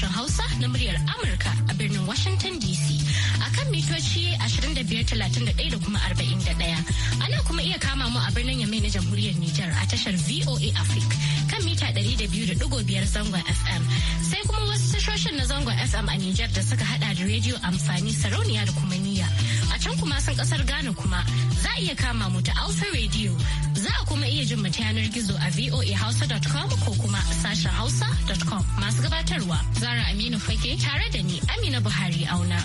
sashen Hausa na muryar Amurka a birnin Washington DC a akan mitoci 2531 da kuma 41. Ana kuma iya kama mu a birnin Yamai na Jamhuriyar Nijar a tashar VOA Africa kan mita 200.5 zangon FM. Sai kuma wasu tashoshin na zangon FM a Nijar da suka hada da rediyo amfani sarauniya da kuma niyya. A can kuma sun kasar Ghana kuma za a iya kama mu ta Alpha Radio Za a kuma iya jin ta yanar gizo a voahausa.com ko kuma sashen hausa.com masu gabatarwa Zara Aminu Fage tare da ni Amina Buhari auna.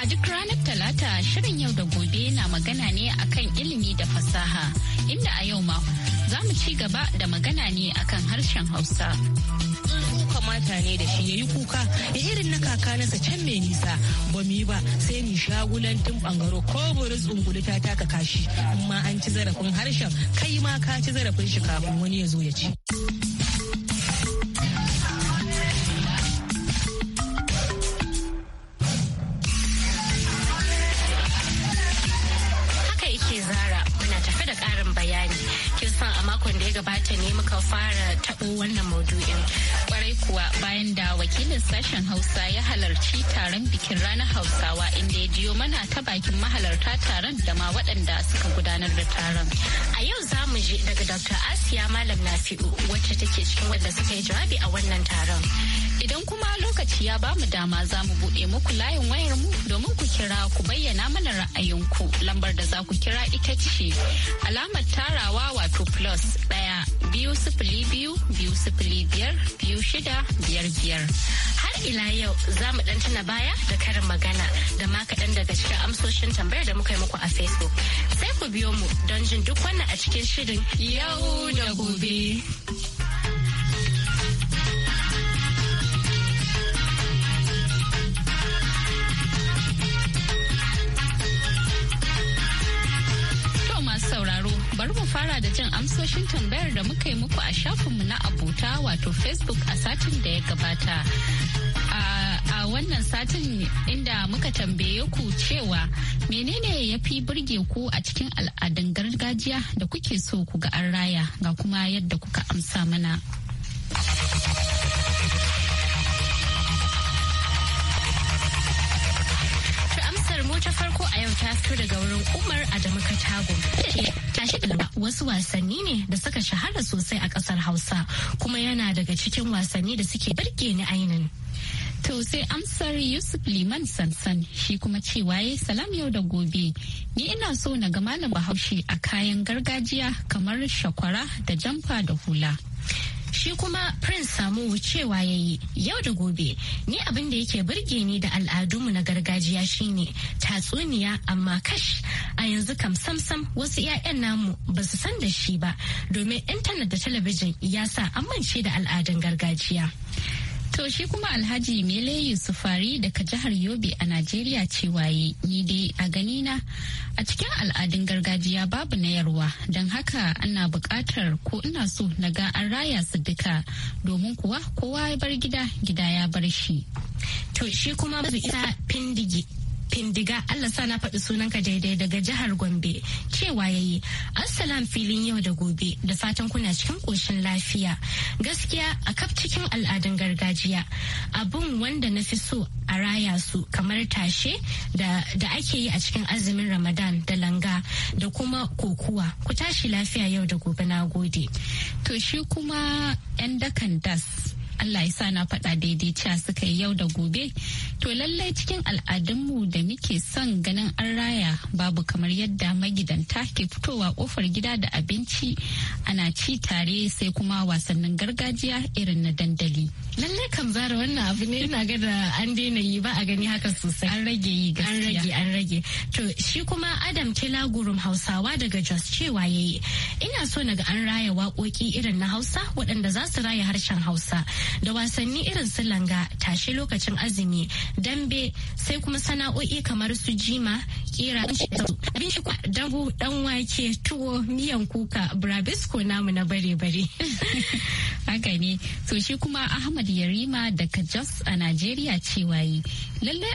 A duk ranar Talata shirin yau da gobe na magana ne akan ilimi da fasaha inda a yau ma za mu ci gaba da magana ne akan harshen Hausa. kamata ne da shi ya yi kuka ya irin na kaka kakanansa can mai nisa ba mu yi ba sai ni shagulantin bangaro ko buri ungulu ta taka kashi amma an ci zarafin harshen kai ma ka ci zarafin shi kafin wani ya zo ya ci. Alhassan a makon da ya gabata ne muka fara taɓo wannan maudu'in. Kwarai kuwa bayan da wakilin sashen Hausa ya halarci taron bikin ranar Hausawa inda ya jiyo mana ta bakin mahalarta taron da ma waɗanda suka gudanar da taron. A yau za mu je daga Dr. Asiya Malam Nafi'u wacce take cikin wadda suka yi jawabi a wannan taron. Idan kuma lokaci ya ba mu dama za mu buɗe muku layin wayar mu domin ku kira ku bayyana mana ra'ayinku lambar da za ku kira ita ce alamar tarawa wato plus ɗaya biyu sifili biyu biyu sifili biyar biyu shida biyar biyar. Har ila yau za mu ɗan tuna baya da karin magana da ma kaɗan daga cikin amsoshin tambayar da muka yi muku a Facebook. Sai ku biyo mu don jin duk wannan a cikin shirin yau da gobe. bari mu fara da jin amsoshin tambayar da muka yi muku a shafinmu na abota wato Facebook a satin da ya gabata. A wannan satin inda muka tambaye ku cewa menene ya fi burge ku a cikin al'adun gargajiya da kuke so ku ga an raya ga kuma yadda kuka amsa mana. farko a yau ta fito daga wurin Umar Adamu Katago. da eh, wasu wasanni ne da suka shahara sosai a ƙasar Hausa kuma yana daga cikin wasanni da suke birge ni ainin. To sai amsar Yusuf Liman Sansan shi kuma cewa ya salam yau da gobe. Ni ina so na ga malam Bahaushe a kayan gargajiya kamar shakwara da jamfa da hula. shi kuma prince samu cewa ya yi yau da gobe ni abin da yake burge ni da al'adunmu na gargajiya shine tatsuniya amma kash a yanzu kam samsam wasu 'ya'yan namu ba su san da shi ba domin intanet da talabijin ya sa amince da al'adun gargajiya To shi kuma Alhaji Mele Yusufari daga jihar Yobe a Najeriya cewa yi ni dai a ganina a cikin al'adun gargajiya babu na yarwa don haka ana buƙatar ko ina so na ga an raya su duka domin kuwa kowa ya bar gida gida ya bar shi. To shi kuma babu isa pindigi Findiga Allah sa na faɗi sunanka daidai daga jihar Gombe cewa yayi Assalam filin yau da gobe da fatan kuna cikin ƙoshin lafiya gaskiya a kaf cikin al'adun gargajiya abun wanda na fi so a raya su kamar tashe da, ake yi a cikin azumin Ramadan da langa da kuma kokuwa ku tashi lafiya yau da gobe na gode. To shi kuma 'yan dakan das Allah ya sa na faɗa daidai cewa suka yi yau da gobe To lallai cikin al'adunmu da muke son ganin an raya babu kamar yadda magidanta ke fitowa kofar gida da abinci ana ci tare sai kuma wasannin gargajiya irin na dandali. Lallai kan zara wannan abu ne ina ga da an daina yi ba a gani haka sosai. An rage yi gaskiya. An rage an rage. To shi kuma Adam Telagurum Hausawa daga Jos cewa ya yi. ina so na ga an raya waƙoƙi irin na Hausa waɗanda za su raya harshen Hausa da wasanni irin su langa tashe lokacin azumi dambe sai kuma sana'o'i kamar su jima kira abin shi kwa dambu dan wake tuwo miyan kuka brabisco namu na bare bare haka ne to shi kuma ahmad yarima daga jos a Nigeria cewa yi lallai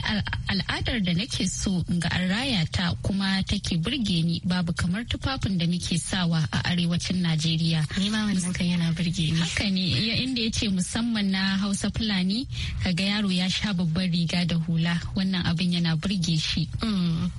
al'adar da nake so ga raya ta kuma take burge ni babu kamar tufafin da nake sawa a arewacin najeriya nima wannan kan yana burge ni haka ne inda ya ce musamman na hausa fulani kaga yaro ya sha babbar riga da hula wannan abin yana burge shi. Mm.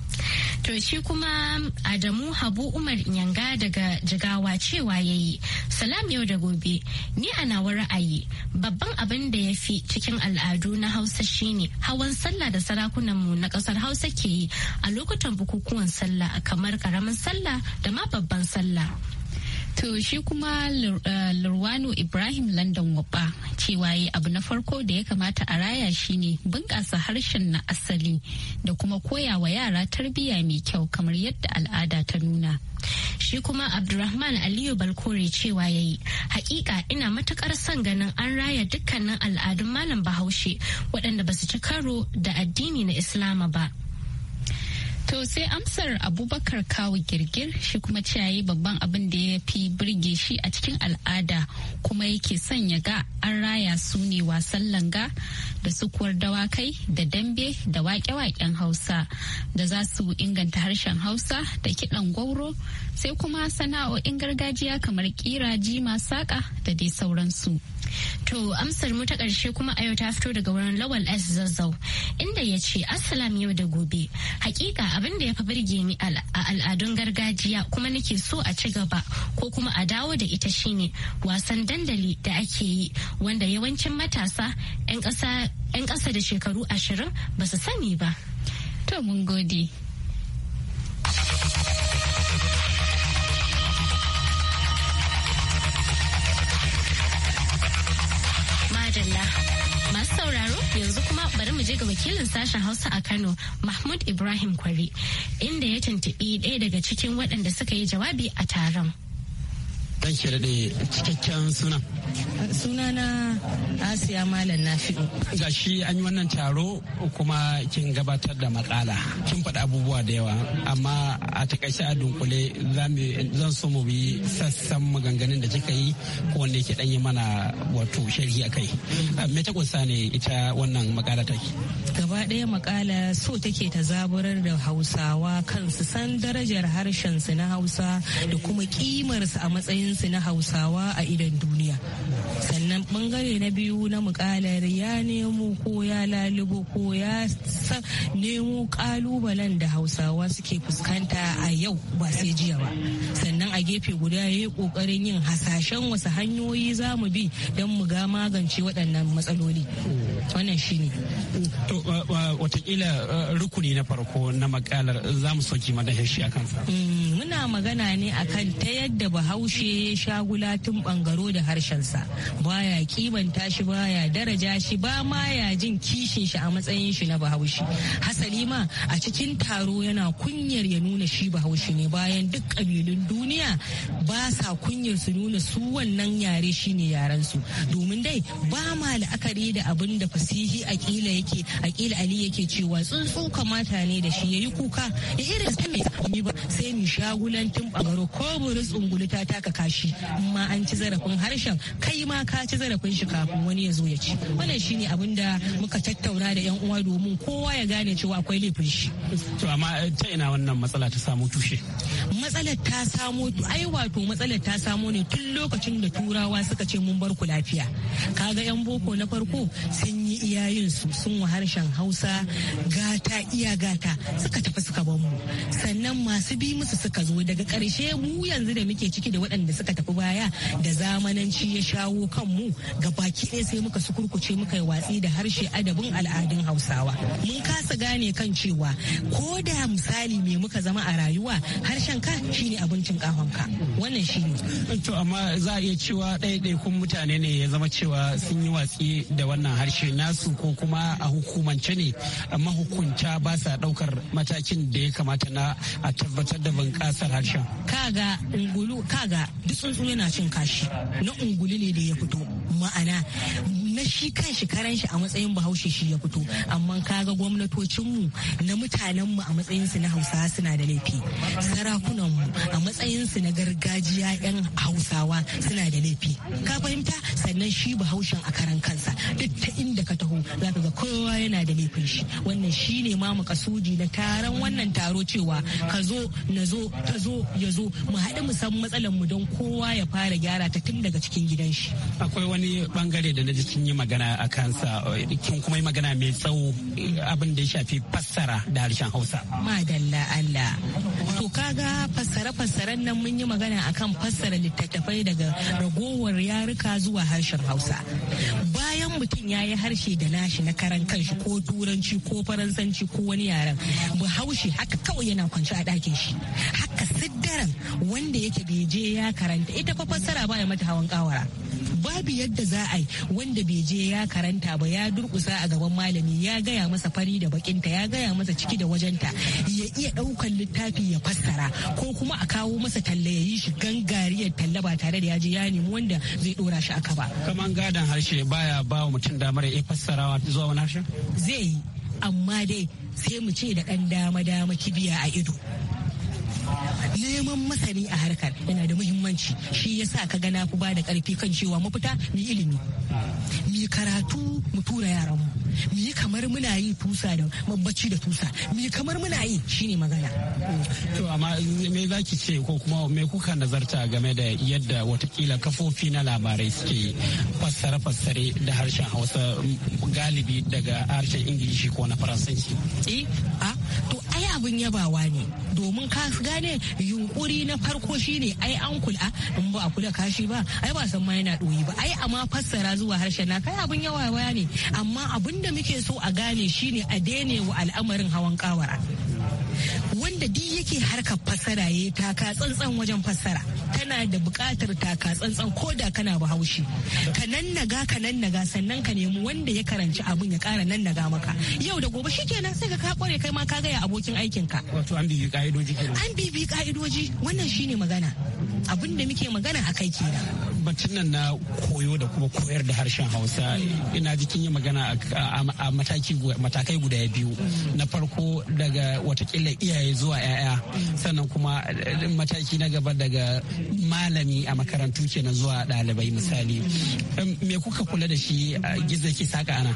To shi kuma Adamu Habu Umar Yanga daga Jigawa cewa ya yi, Salam yau da gobe, ni a nawa ra'ayi babban abin da ya fi cikin al'adu na Hausa shine hawan sallah da sarakunanmu na ƙasar Hausa ke yi a lokutan bukukuwan sallah kamar ƙaramin sallah da ma babban sallah. To shi kuma eh, Lurwano Ibrahim London Wabba cewa yi abu na farko da ya kamata a raya shi ne bunƙasa harshen na asali da kuma koya wa yara tarbiyya mai kyau kamar yadda al'ada ta nuna. Shi kuma Abdulrahman Aliyu Balkore cewa ya yi, hakika ina matukar son ganin an raya dukkanin al'adun malam Bahaushe waɗanda ba su ci karo da addini na Islama ba. To sai amsar Abubakar kawo girgir shi kuma ciyayi babban abin da ya fi birge shi a cikin al'ada kuma yake son ya ga an raya su ne wasan langa da sukuwar dawakai da dambe da wake-waken Hausa da za su inganta harshen Hausa da kiɗan gwauro sai kuma sana'o'in gargajiya kamar kira jima da dai sauransu. To amsar mu ta ƙarshe kuma a yau ta fito daga wurin Lawal S Zazzau inda ya ce Assalam yau da gobe. Hakika abin da ya fi birge ni a al'adun gargajiya kuma nake so a ci gaba ko kuma a dawo da ita shine wasan dandali da ake yi wanda yawancin matasa 'yan ƙasa da shekaru ashirin ba su sani ba. To mun gode. sauraro yanzu kuma bari mu je ga wakilin sashen Hausa a Kano Mahmud Ibrahim Kwari inda ya tuntuɓi ɗaya daga cikin waɗanda suka yi jawabi a taron. dan ki daɗe cikakken suna na Asiya Malam Nafi'u. Ga shi an yi wannan taro kuma kin gabatar da matsala. Kin faɗi abubuwa da yawa amma a takaice a dunkule zan so mu bi sassan maganganun da kika yi ko wanda yake ɗanyi mana wato sharhi kai Me ta kusa ne ita wannan makala take? Gaba ɗaya makala so take ta zaburar da Hausawa kansu san darajar harshensu na Hausa da kuma kimarsu a matsayin su na hausawa a idan duniya bangare na biyu na mukalar ya nemo ko ya lalubo ko ya nemo kalubalen da hausawa suke fuskanta a yau ba sai jiya ba sannan a gefe guda ya yi kokarin yin hasashen wasu hanyoyi za mu bi don mu ga magance waɗannan matsaloli wannan shine ne watakila uh, rukuni na farko na makalar za mu soki madahar shi a kansa mm, muna magana ne akan ta yadda bahaushe ya sha gulatun bangaro da harshensa baya baya kimanta shi baya daraja shi ba ma ya jin kishin shi a matsayin shi na bahaushe hasali ma a cikin taro yana kunyar ya nuna shi bahaushe ne bayan duk kabilun duniya ba sa kunyar su nuna su wannan yare shine yaren su domin dai ba ma la'akari da abin da fasihi akila yake akila ali yake cewa tsuntsu kamata ne da shi yayi kuka ya irin sai mai ba sai mu tun bagaro ko burin tsungulu ta taka kashi amma an ci zarafin harshen kai ma ka ci zarafin zarafin shi kafin wani ya zo ya ci wannan shine abin da muka tattauna da yan uwa domin kowa ya gane cewa akwai laifin shi to amma eh, ta ina wannan matsala ta samu tushe matsalar ta samu ai wato matsalar ta samo ne tun lokacin da turawa suka ce mun bar ku lafiya kaga yan boko na farko sun yi iyayen su sun wa harshen hausa gata iya gata suka tafi suka mu sannan masu bi musu suka zo daga karshe mu yanzu da muke ciki da waɗanda suka tafi baya da zamananci ya shawo kanmu ga baki ɗaya sai muka sukurkuce muka yi watsi da harshe adabin al'adun hausawa mun kasa gane kan cewa ko da misali me muka zama a rayuwa harshen ka shine abincin ka wannan shine to amma za a iya cewa ɗaya kun mutane ne ya zama cewa sun yi watsi da wannan harshe nasu ko kuma a hukumance ne mahukunta ba sa daukar matakin da ya kamata na a tabbatar da bunƙasar harshen kaga ungulu kaga duk tsuntsu yana cin kashi na ungulu ne da ya fito ma'ana na shi kan shi karan shi a matsayin bahaushe shi ya fito amma kaga gwamnatocinmu na mutanenmu a su na hausa suna da laifi sarakunan mu a matsayin su na gargajiya 'yan hausawa suna da laifi ka fahimta sannan shi bahaushen a karan kansa duk ta inda ka taho zaka ga kowa yana da laifin shi wannan shi ne ma makasudi na taron wannan taro cewa ka zo na zo ta zo ya zo mu haɗu mu san matsalar mu don kowa ya fara gyara ta tun daga cikin gidan shi akwai wani bangare da na ji sun yi magana a kansa kin kuma yi magana mai tsawo abin da ya shafi fassara da harshen Hausa. Madalla Allah. To kaga fassare-fassaren nan mun yi magana akan fassara littattafai daga ragowar yaruka zuwa harshen Hausa. Bayan mutum ya yi harshe da nashi na karan kanshi ko turanci ko faransanci ko wani yaren bahaushe haka kawai yana kwanci a ɗakin shi. Haka siddaran wanda yake bai je ya karanta ita fa fassara baya mata hawan kawara. babu yadda za a yi wanda bai je ya karanta ba ya durkusa a gaban malami ya gaya masa fari da bakinta ya gaya masa ciki da wajenta ya iya daukan littafi ya fassara ko kuma a kawo masa talla ya yi shi gangariyar talla ba tare da ya je ya nemi wanda zai dora shi aka ba. Kaman gadon harshe baya ba wa mutum damar ya fassarawa zuwa wani harshen? Zai yi amma dai sai mu ce da kan dama-dama kibiya a ido. neman masani a harkar yana da muhimmanci shi yasa ka ga na ba da karfi kan cewa mafita mu ilimi mu karatu mu tura yaranmu mu yi kamar muna yi tusa da mabbaci da tusa mu kamar muna yi shine magana to amma me ki ce ko kuma me kuka nazarta game da yadda watakila kafofi na labarai suke fassare fassare da harshen Hausa galibi daga harshen Ingilishi ko na Faransanci eh to ai abin yabawa ne domin ka gane yunkuri na farko shine ai an kula in ba a kula kashi ba ai ba san ma yana doyi ba ai amma fassara zuwa harshen na kai abin yabawa ne amma abin da muke so a gane shine a daine wa al'amarin hawan kawara wanda duk yake harkar fassara ya taka tsantsan wajen fassara tana da buƙatar taka tsantsan ko da kana bahaushe ka nan naga ka nan naga sannan ka nemi wanda ya karanci abun ya ƙara nan naga maka yau da gobe shikenan sai ka ka kware kai ma ka gaya abokin aikin ka wato an bibi ka'idoji kenan an bibi ka'idoji wannan shine magana abin da muke magana a kai kenan batun nan na koyo da kuma koyar da harshen hausa ina jikin yi magana a matakai guda biyu na farko daga watakila daga iyaye zuwa 'ya'ya sannan kuma eh, mataki na gaba daga malami a makarantu kenan zuwa ɗalibai misali me kuka kula da shi eh, gizo ke saka ana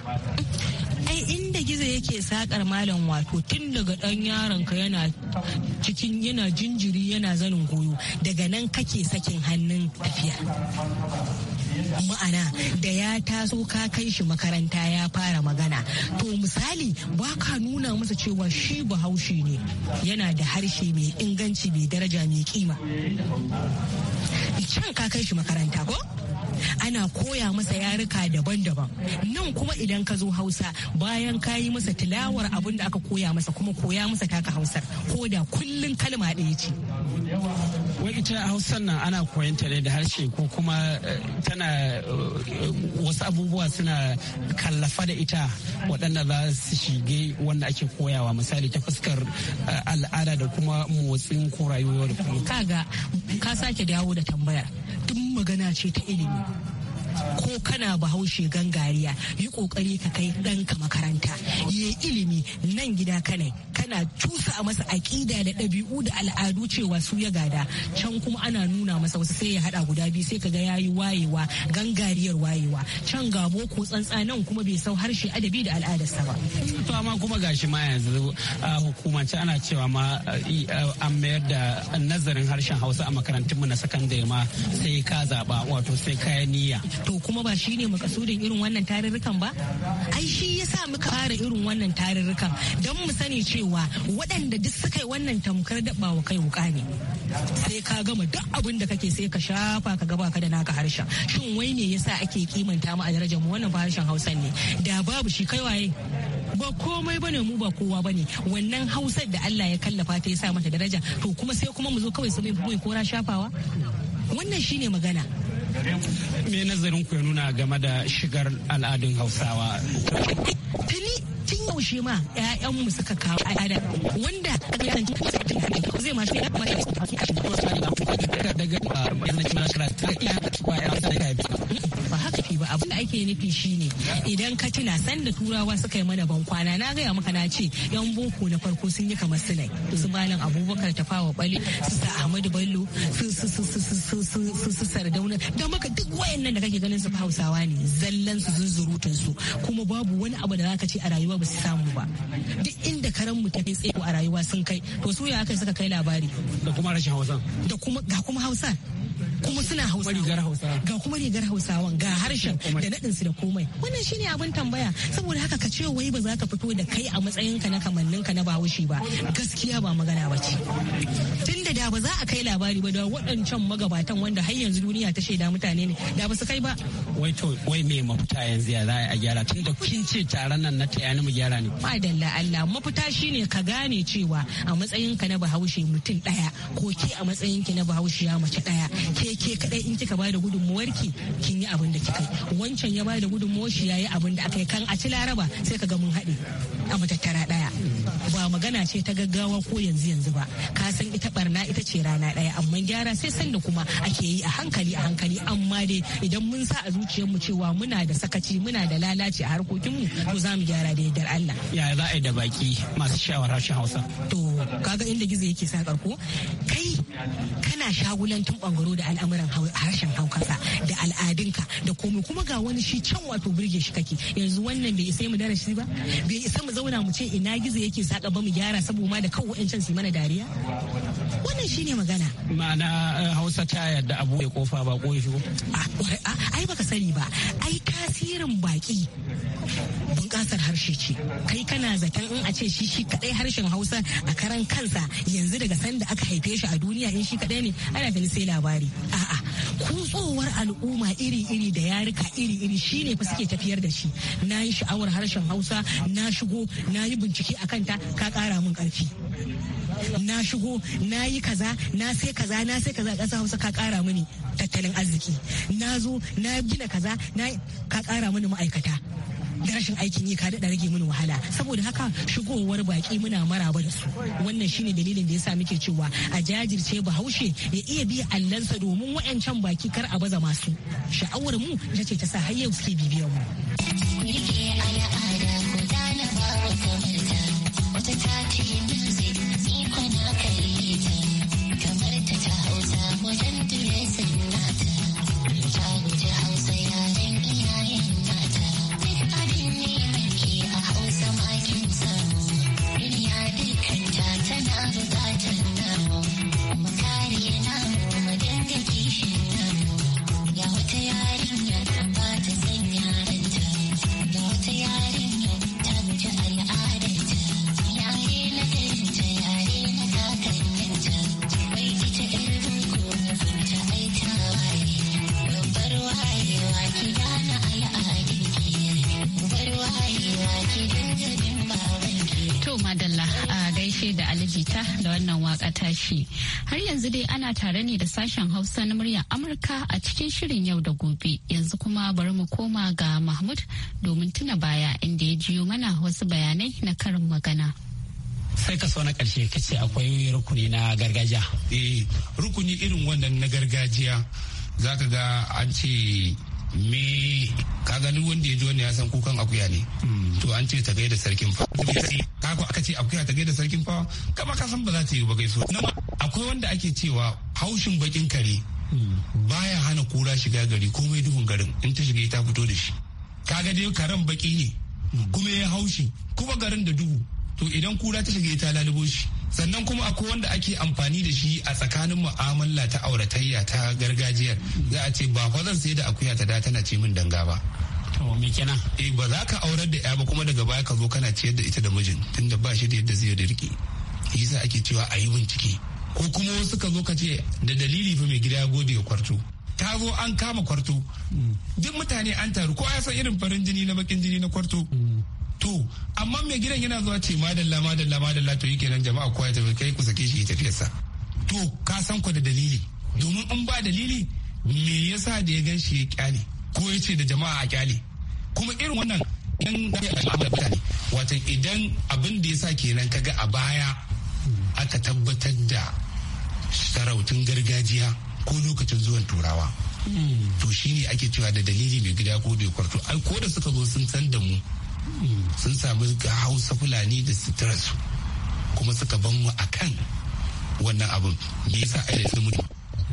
ai inda gizo yake sakar malam wato tun daga dan yaron ka yana cikin yana jinjiri yana zanin goyo daga nan kake sakin hannun tafiya ma'ana da ya taso ka kai shi makaranta ya fara magana to misali ba ka nuna masa cewa shi bahaushe ne yana da harshe mai inganci mai daraja mai kima can ka kai shi makaranta ko ana koya masa yaruka daban-daban nan kuma idan ka zo hausa bayan ka yi masa tilawar abin da aka koya masa kuma koya masa taka hausar ko da kullun kalma ɗaya ce wai ita hausan nan ana koyan ta ne da harshe ko kuma eh, tana eh, wasu abubuwa suna kallafa da ita waɗanda za su shige wanda ake koyawa misali ta fuskar eh, al'ada da kuma motsin ko rayuwar ka ka sake dawo da tambayar magana ce ta ilimi ko kana bahaushe gangariya yi kokari ka kai ɗanka makaranta yi ilimi nan gida kanai ana cusa a masa aƙida da ɗabi'u da al'adu cewa su ya gada can kuma ana nuna masa wasu sai ya haɗa guda biyu sai kaga yayi wayewa gangariyar wayewa can ga boko tsantsa nan kuma bai sau harshe adabi da al'adarsa ba. to amma kuma gashi ma yanzu hukumance ana cewa ma an mayar da nazarin harshen hausa a makarantun mu na sakandare ma sai ka zaɓa wato sai kaya niyya. to kuma ba shine makasudin irin wannan tarurrukan ba ai shi yasa muka fara irin wannan tarurrukan don mu sani cewa waɗanda duk suka yi wannan tamkar daɓa wa kai wuka ne sai ka gama duk abin da kake sai ka shafa ka gaba ka da naka harshen shin wai ne yasa ake kimanta mu a darajar mu wannan harshen hausa ne da babu shi kai waye ba komai bane mu ba kowa bane wannan hausar da Allah ya kallafa ta ya mata daraja to kuma sai kuma mu zo kawai su mai kora shafawa wannan shine magana me nazarin ku ya nuna game da shigar al'adun hausawa tuni tun yaushe ma mu suka kawo al'ada wanda zai ma shi daga ba haka ke ba abin da ake nufi shine idan ka tuna sanda turawa suka yi mana bankwana na gaya maka na ce yan boko na farko sun yi kamar su malam abubakar tafawa bale su sa ahmadu bello su su su su su su su duk waya nan da kake ganin su hausawa ne zallan su zunzurutun su kuma babu wani abu da zaka ce a rayuwa ba su samu ba duk inda karan mu ta kai tsaye a rayuwa sun kai to su ya aka suka kai labari da kuma rashin hausa da kuma ga kuma hausa kuma suna hausawa ga kuma rigar hausawan ga harshen da su da komai wannan shine abin tambaya saboda haka ka ce wai ba za ka fito da kai a matsayinka na kamannin ka na bahaushe ba gaskiya ba magana ba ce tunda da ba za a kai labari ba da waɗancan magabatan wanda har yanzu duniya ta shaida mutane ne da ba su kai ba wai to wai me mafita yanzu ya za a gyara tunda kin ce taron nan na tayani mu gyara ne madalla Allah mafita shine ka gane cewa a matsayin ka na bahaushe mutum ɗaya ko ke a ki na Bahaushe ya mace daya ke sai ke kadai in kika bada gudunmuwar ki kin yi abin da kika yi wancan ya da gudunmuwar shi yayi abin da aka yi kan a ci laraba sai ka ga mun haɗe a matattara daya ba magana ce ta gaggawa ko yanzu yanzu ba ka san ita barna ita ce rana daya amma gyara sai sanda kuma ake yi a hankali a hankali amma dai idan mun sa a zuciyar mu cewa muna da sakaci muna da lalaci a harkokinmu to za mu gyara da yardar Allah ya za a yi da baki masu shawara shi Hausa to kaga inda gizo yake sakar ko kai kana shagulantun bangaro da al'amuran harshen haukasa da al'adunka da komai kuma ga wani shi can wato birge shi kake yanzu wannan bai isa mu darasi ba bai isa mu zauna mu ce ina gizo yake saka ba mu gyara saboda ma da kawo wa'ancan su mana dariya wannan shine magana ma'ana eh, hausa ta yadda abu ya kofa ba ko ya ko. ai baka sani ba ai tasirin baki bunƙasar harshe ce kai kana zaton in a ce shi shi kadai harshen hausa a karan kansa yanzu daga sanda aka haife shi a duniya in shi kadai ne ana ganin sai labari a'a kutsowar al'umma iri-iri da yarika iri-iri shi ne fa suke tafiyar da shi na yi sha'awar harshen hausa na shigo na yi bincike a kanta ka ƙara min ƙarfi. na shigo na yi kaza na sai kaza na sai kaza ƙasa hausa ka ƙara mini tattalin arziki na zo na gina kaza na ka ƙara mini ma'aikata da rashin aikin yi ka daɗa rage mini wahala saboda haka shigowar baƙi muna maraba da su wannan shine dalilin da yasa muke cewa a jajirce bahaushe ya iya biya allansa domin wa'ancan baki kar a baza masu sha'awar mu ita ce ta sa har yau suke bibiyar mu ta shi. Har yanzu dai ana tare ne da sashen Hausa na muryar Amurka a cikin shirin yau da gobe. Yanzu kuma bari mu koma ga Mahmud domin tuna baya inda ya jiyo mana wasu bayanai na karin magana. sai ka so na karshe ka ce akwai rukuni na gargajiya eh rukuni irin wannan na gargajiya za ka ga an ce me kaga duk wanda ya ji wani ya san kukan akuya ne to an ce ta gaida sarkin fa ka ku aka ce akuya ta gaida sarkin fa kama ka san ba za ta yi ba gaiso akwai wanda ake cewa haushin bakin kare baya hana kura shiga gari komai duhun garin in ta shiga ta fito da shi kaga dai karen baki ne kuma ya haushi kuma garin da duhu to idan kura ta shiga ta lalubo shi sannan kuma akwai wanda ake amfani da shi a tsakanin mu'amala ta auratayya ta gargajiyar za a ce ba fa zan sai da akuya ta da tana ce min danga ba me kenan eh ba za ka aurar da ya ba kuma daga baya ka zo kana ciyar da ita da mijin tunda ba shi da yadda zai da riki yasa ake cewa a yi bincike ko kuma wasu ka zo ka ce da dalili fa mai gida ya gode kwarto ta zo an kama kwarto mm. duk mutane an taru ko ya san irin farin jini na bakin jini na kwarto mm. to amma mai gidan yana zuwa ce madalla madalla madalla to yi kenan jama'a kowa ya tafi kai ku sake shi tafiyarsa to ka san ku da dalili domin in ba dalili me yasa da ya gan shi ya kyale ko ya ce da jama'a a kyale kuma irin wannan idan mutane wato idan abin da ya sa kenan kaga a baya aka tabbatar da sarautun gargajiya ko lokacin zuwan turawa hmm. to shine ake cewa da dalili mai gida ko bai kwarto ai ko da suka zo sun san da mu sun samu hausa fulani da suturarsu kuma suka ban mu a kan wannan abin me yasa a sun mutu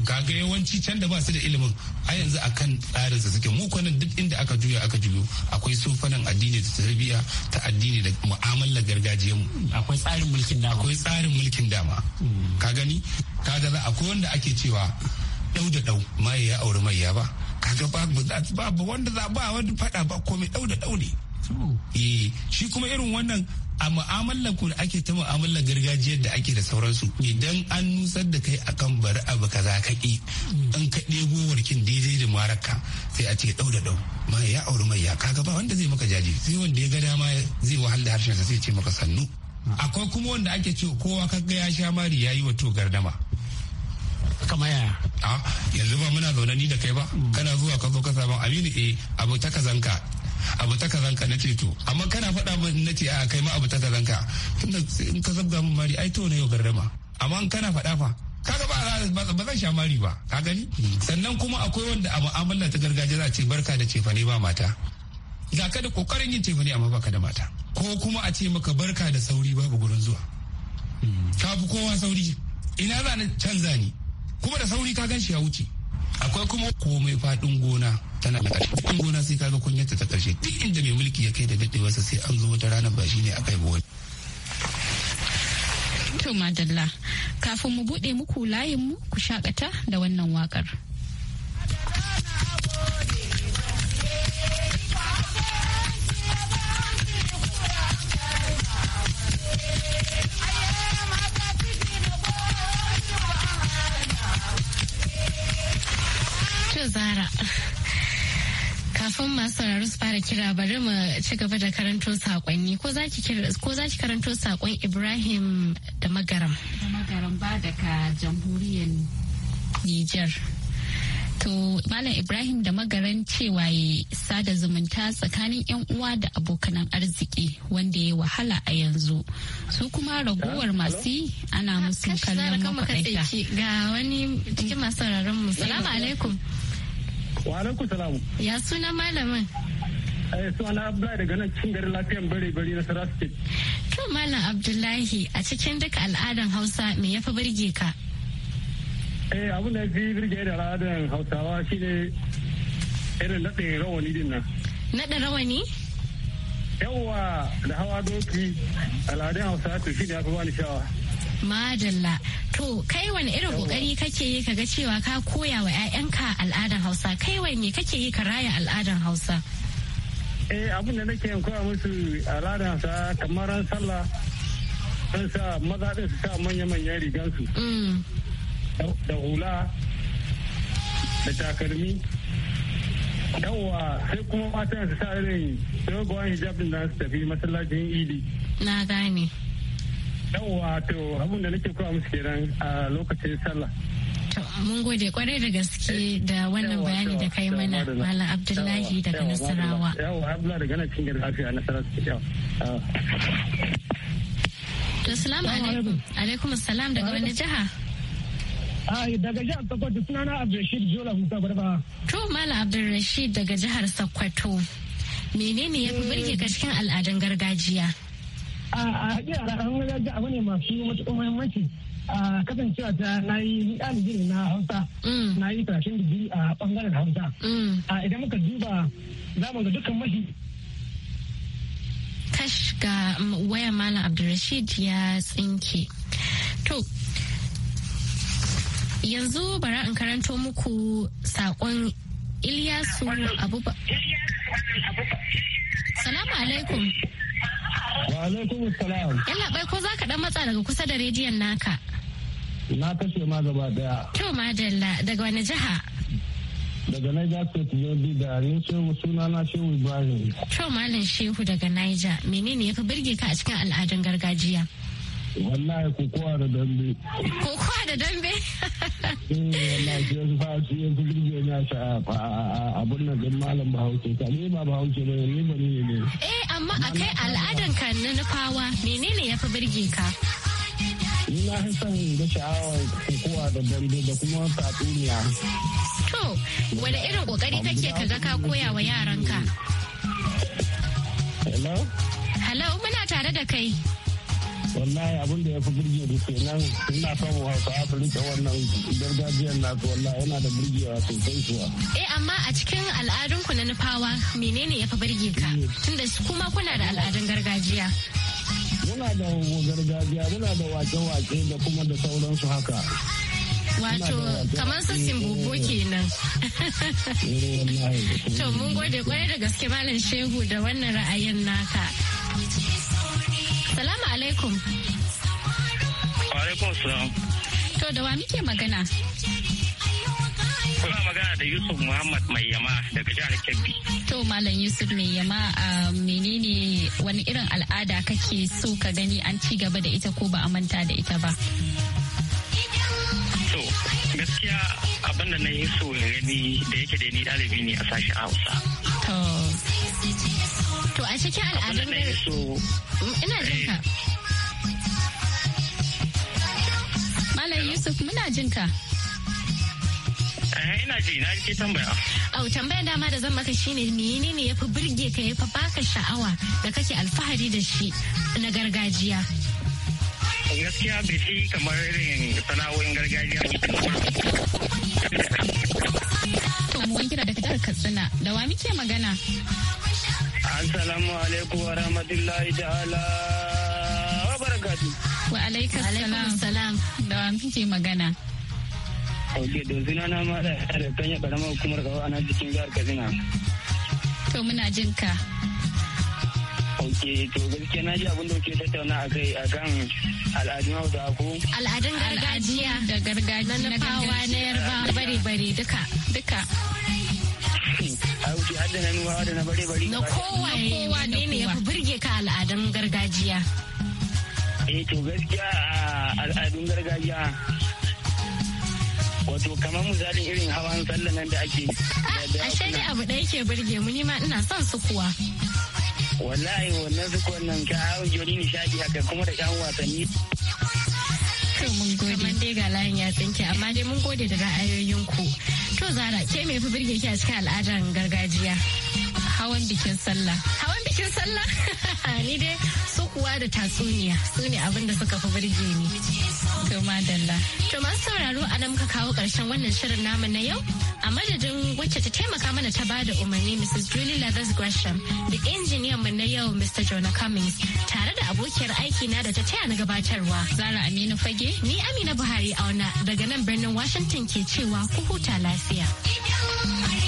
kaga yawanci can da ba su da ilimin a yanzu a kan tsarinsa suke mu kwanan duk inda aka juya aka juyo akwai sufanan addini da tarbiyya ta addini da mu'amalar gargajiyar mu akwai tsarin mulkin dama akwai tsarin mulkin dama hmm. ka gani kaga za akwai wanda ake cewa dau da dau mai ya aure mai ya ba kaga babu wanda za ba wanda fada ba komai dau da dau ne Eh, shi kuma irin wannan a mu'amalar ku da ake ta mu'amalar gargajiyar da ake da sauransu idan an nusar da kai akan bari abu kaza ka ki in ka ɗebo warkin daidai da maraka sai a ce ɗau da ɗau ma ya auri mai ya kaga ba wanda zai maka jaji sai wanda ya ga dama zai wahala da harshen sa sai ce maka sannu akwai kuma wanda ake cewa kowa ga ya sha mari ya yi wato gardama kama yaya a ah, yanzu ba muna zaune ni da kai ba hmm. kana zuwa ka zo ka sabon aminu eh abu ta kazanka abu ta kazanka na ce to amma kana faɗa min na ce a kai ma abu ta kazanka tunda in ka zabga min mari ai to ne yau gardama amma in kana faɗa fa kaga ba ba zan sha mari ba ka gani sannan kuma akwai wanda a mu'amala ta gargajiya za a ce barka da cefane ba mata ga ka da kokarin yin cefane amma baka da mata ko kuma a ce maka barka da sauri babu gurin zuwa ka fi kowa sauri ina za na canza ni kuma da sauri ka gan shi ya wuce akwai kuma komai faɗin gona tana da ƙarshe gona sai kaga kunyarta ta ƙarshe duk inda mai mulki ya kai da daɗewarsa sai an zo wata rana ba shi ne akai ba wani To Madalla, kafin mu buɗe muku layin mu ku shakata da wannan waƙar. kira bari mu ci gaba da karanto sakonni ko za ki karanto sakon Ibrahim da magaram. Da magaram ba daga jamhuriyar Nijar. To Malam Ibrahim da magaran cewa ya sada zumunta tsakanin 'yan uwa da abokanan arziki wanda ya wahala a yanzu. Su kuma ragowar masu ana musu kallon makwaɗaita. Ga wani cikin masu sauraron mu. Salamu alaikum. Wa alaikum salamu. Ya suna malamin. Eh, suna abdullahi daga nan cikin garin lafiyan bare bari na sarrafa state to malam abdullahi a cikin duka al'adan hausa me ya fi birge ka eh abin da ya fi birge da al'adan hausawa shine irin naɗe rawani din nan naɗe rawani yawwa da hawa doki al'adun hausawa shi shine ya fi bani sha'awa Madalla. To, kai wani irin kokari kake yi ka ga cewa ka koya wa 'ya'yanka al'adan Hausa? Kai wani kake yi ka raya al'adan Hausa? eh abin da nake koya musu al'ada sa kamar ran sallah sun sa maza ɗin su sa manya-manyan rigansu mm. da hula da takalmi yawwa sai kuma matan su sa irin dogon hijab din da su tafi masallacin idi na gane yawwa to abin da nake koya musu kenan a lokacin sallah mun gode kwarai da gaske da wannan bayani da kai mana Malam Abdullahi daga Nasarawa. To salamu alaikum. Alaikum salam daga wani jiha? Ai daga jihar Sokoto sunana Abdulrashid Jola Musa Barba. To Malam Abdulrashid daga jihar Sokoto. Menene ya fi birge ka cikin al'adun gargajiya? A a a a abu masu matuƙar muhimmanci. kasancewa ta na yi ɗalibi na hausa mm. na yi tashin digiri a ɓangaren hausa mm. A idan muka duba za mu ga dukkan mahi kash ga um, waya malam abdulrashid ya tsinke to yanzu bara in karanto muku saƙon Ilyasu Abubakar. Salamu alaikum. Wa alaikum salam. Yalla bai ko za ka dan matsa daga kusa da rediyon naka. na kashe ma gaba daya to madalla daga wani jiha daga Niger State Yobi da ni shehu suna na shehu Ibrahim. To Malam Shehu daga Niger menene ya fi birge ka a cikin al'adun gargajiya? Wallahi kokowa da dambe. Kokowa da dambe? Eh, wallahi shi yanzu fa'aci yanzu birge na a abun nan din Malam Bahaushe ta ne ba Bahaushe ba ne ba ne ne. Eh amma akai al'adan ka na nufawa menene ya fi birge ka? na san son da sha'awar kokowa da dambe da kuma tatsuniya. To, wani irin kokari kake ka ga ka koya wa yaranka? Hello? Hello, muna tare da kai. wallahi abin da ya fi burge da ke nan ina samun hausa afirka wannan gargajiyar nasu wallahi yana da burgewa sosai kuwa. eh amma a cikin al'adunku na nufawa menene ya fi burge ka tunda kuma kuna da al'adun gargajiya. muna da gargajiya muna da wake-wake da kuma da sauransu haka wato kamar sassin bobo kenan eh, to mun gode kwarai da gaske malam shehu da wannan ra'ayin naka salamu alaikum alaikum salam to da wa muke magana Kuna magana da Yusuf Muhammad Mai Yama daga jihar Kebbi. To Malam Yusuf Mai Yama a menene wani irin al'ada kake so ka gani an ci gaba da ita ko ba a manta da ita ba? To gaskiya abin da na yi so gani da yake da ni ɗalibi ne a sashen Hausa. To. To a cikin al'adun da mm, ina jin ka. Eh. Malam Yusuf muna jin ka. Eh, ina ji na ke tambaya. Au tambayar dama da zan maka shine menene yafi burge ka yafi baka sha'awa da kake alfahari da shi na gargajiya. Gaskiya bai fi kamar irin sana'o'in gargajiya. Mun kira daga jihar Katsina da wa muke magana? Assalamu alaikum wa rahmatullahi ta'ala wa barakatuh. Wa alaikum salam. Da wa muke magana? ok don zina na ma da kanya karamar hukumar gawa ana cikin jihar katsina to muna jin ka ok to gaskiya na ji abin da kuke tattauna a kai a kan al'adun hausa ko al'adun gargajiya da gargajiya na fawa na yarba bari bari duka duka auki hadda na nuwa da na bare bare na kowa ne ne ya fi burge ka al'adun gargajiya eh to gaskiya al'adun gargajiya wato kamar misalin irin hawan sallan nan da ake ashe dai abu ɗaya ke burge mu ni ma ina son su kuwa wallahi wannan su wannan ka hau jori nishadi haka kuma da yan wasanni kamar dai ga layin ya tsinke amma dai mun gode da ra'ayoyinku to zara ke me fi burge ki a cikin al'adar gargajiya hawan bikin sallah hawan bikin sallah ni dai su kuwa da tatsuniya su ne abin da suka fi birge ni to madalla to masu sauraro a nan muka kawo karshen wannan shirin namu na yau a madadin wacce ta taimaka mana ta ba da umarni Mrs. Julie Leathers Gresham da injiniyan mu na yau Mr. Jonah Cummings tare da abokiyar aiki na da ta taya na gabatarwa. Zara Aminu Fage, ni Amina Buhari auna daga nan birnin Washington ke cewa ku huta lafiya.